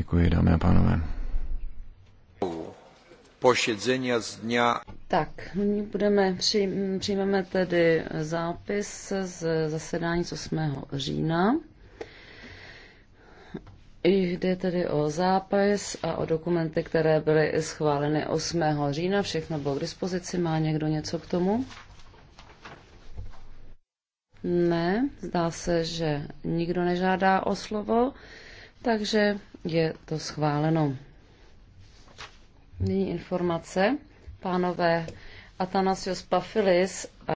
Děkuji, dámy a pánové. Pošedzenia z dňa. Tak, nyní budeme, přijmeme tedy zápis z zasedání z 8. října. Jde tedy o zápis a o dokumenty, které byly schváleny 8. října. Všechno bylo k dispozici. Má někdo něco k tomu? Ne, zdá se, že nikdo nežádá o slovo. Takže je to schváleno. Nyní informace. Pánové Atanasios Pafilis